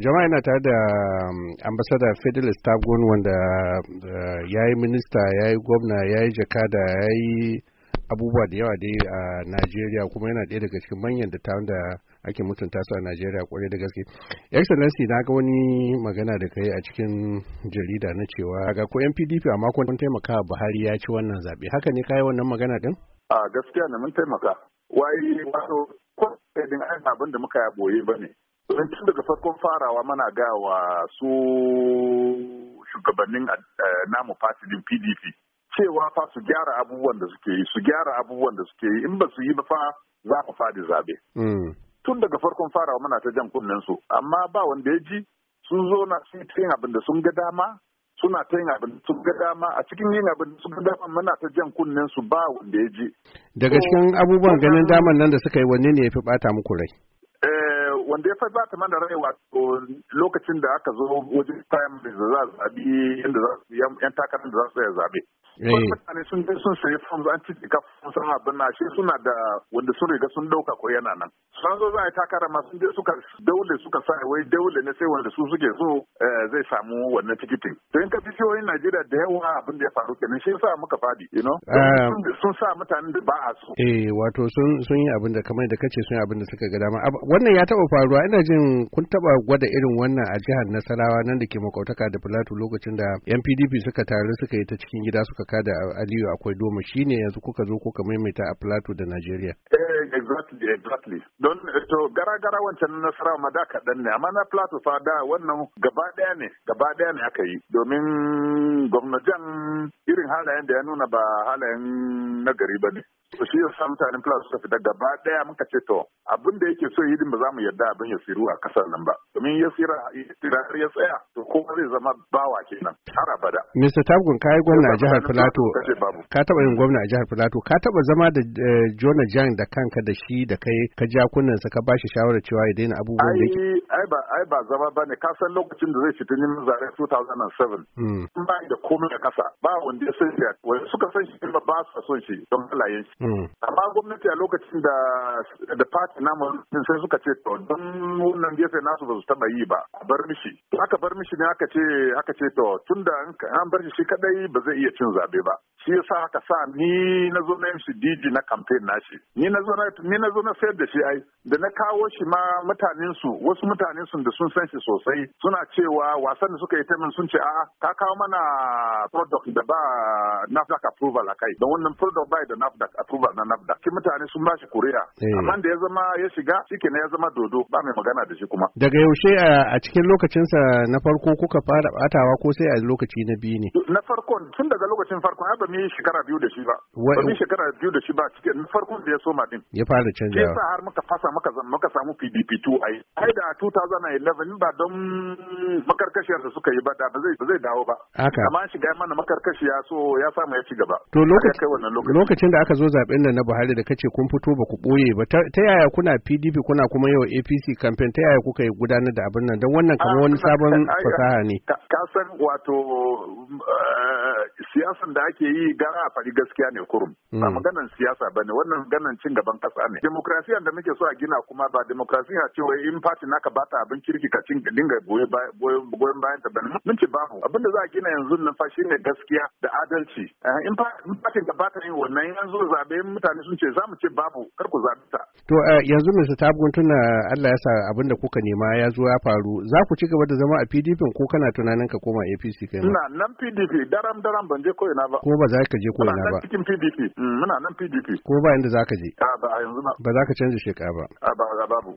jama'a yana tare da um, ambasada fidel stagon wanda uh, ya yi minista ya yi gwamna ya yi jakada ya yi abubuwa da yawa dai a najeriya kuma yana ɗaya daga cikin manyan dattawan da ake mutunta su a najeriya kwarai da gaske excellency na ga wani magana da kai a cikin jarida na cewa ga ko yan pdp a makon taimaka buhari ya ci wannan zaɓe haka ne kayi wannan magana din a gaskiya na mun taimaka wai wato ko abin da muka boye ba ne Domin tun daga farkon farawa mana gawa su shugabannin eh, namu fasidin PDP cewa fa su gyara abubuwan da suke yi su gyara abubuwan da suke yi in ba su yi ba fa za mu fadi zabe. Hmm. Tun daga farkon farawa muna ta jan kunnen su amma ba wanda ya ji sun zo na sun yin abin da sun ga dama suna ta yin abin da sun ga dama a cikin yin abin da sun ga dama muna ta jan kunnen su ba wanda ya ji. Daga cikin abubuwan ganin daman nan da suka yi wanne ne ya fi bata muku rai? wanda ya ba ta mana rai wato lokacin da aka zo wajen primaries da za a yan takarar da za su zaɓe Eh. mutane sun je sun sayi forms an ci ka forms an abin na shi suna da wanda sun riga sun dauka ko yana nan sun zo za a yi takara ma sun je suka daule suka sa wai daule ne sai wanda su suke so eh, zai samu wannan tikitin to in ka fi jihohin Najeriya da yawa abin da ya faru kenan shi sa muka fadi you know ah. sun sa mutanen da ba a so eh wato sun sun yi abin da kamar da kace sun yi abin da suka ga dama wannan ya taba faruwa ina jin kun taba gwada irin wannan a jihar Nasarawa nan da ke makautaka da filatu lokacin da yan PDP suka taru suka yi ta cikin gida suka iyaka da aliyu akwai doma shine yanzu kuka zo kuka maimaita a plateau da nigeria eh, exactly exactly don eh, to gara gara wancan nasara ma da kaɗan ne amma na plateau fa da wannan gaba ɗaya ne gaba ɗaya ne aka yi domin gwamnatin irin halayen da ya nuna ba halayen nagari ba ne to shi yasa mutanen Plateau suka fita gaba daya muka ce to abin da yake so yi ba za mu yarda abin ya siru a kasar nan ba domin ya sira ya tsaya to kowa zai zama bawa kenan har abada Mr. Tabgun yi gwamna a jihar Filato, ka taba yin gwamna a jihar Filato? ka taba zama da eh, Jonah Jang da kanka da shi da kai ka ja kunnen sa ka ba shi shawara cewa ya daina abubuwan da yake ai ba ai ba zama ba ne. ka san lokacin da zai fita neman zare 2007 hmm. ba da komai a kasa ba wanda ya san shi wanda suka san shi ba ba su son shi don halayen shi Mm. amma gwamnati a lokacin da da fati namu sai suka ce to don wannan gefe nasu ba su taba yi ba a bar mishi aka bar mishi ne aka ce aka ce to tunda an bar shi kadai ba zai iya cin zabe ba shi yasa haka sa ni na zo na shi na campaign nashi ni na zo ni na zo na sayar da shi ai da na kawo shi ma mutanen su wasu mutanen su da sun san shi sosai suna cewa wasan da suka yi ta min sun ce a'a ka kawo mana product da ba NAFDAC approval a kai da wannan product bai da NAFDAC approval na NAFDAC mutane sun ba shi kuriya eh. amma da ya zama ya shiga shike ya zama dodo ba mai magana da shi kuma daga yaushe a cikin lokacinsa na farko kuka fara batawa ko sai a lokaci na biyu ne na farkon tun daga lokacin farkon ba mu yi shekara biyu da shi ba ba mu yi shekara biyu da shi ba cikin farkon da ya soma din ya fara canjawa sai har muka fasa muka zama muka samu PDP 2 ai ai da 2011 ba don makarkashiyar da suka yi ba da ba zai ba zai dawo ba haka amma shiga mana makarkashiya so ya samu ya ci gaba to lokacin da aka zo zaben nan na Buhari da kace kun fito ba ku boye ba ta yaya kuna pdp kuna kuma yau apc campaign ta yaya kuka yi gudanar da abin nan don wannan kamar ah, wani sabon fasaha ne ka san wato mm, eh, siyasan da ake yi gara a fari gaskiya ne kurum ba hmm. maganan siyasa ba ne wannan ganan cin gaban kasa ne demokrasiya da muke so a gina kuma ba demokrasiya ce wai in party naka ba ta abin kirki ka cin dinga goyon bayan ta bane mun ce babu abinda za a gina yanzu nan fa shine gaskiya da adalci eh, in party ka ba ta yin wannan yanzu zabe mutane sun ce za mu ce babu kar ku zabe ta to eh, yanzu Mr. Tabgun tuna Allah ya sa abinda kuka nema ya zo ya faru za ku ci gaba da zama a PDP ko kana tunanin ka koma APC kai ma ina nan PDP daram daram ban je ko ina ba. Ko ba za ka je ko ina ba. cikin PDP. Mm, muna nan PDP. Ko ba inda za ka je. A ba a yanzu ba. Ba za ka canza shekara ba. A ba babu.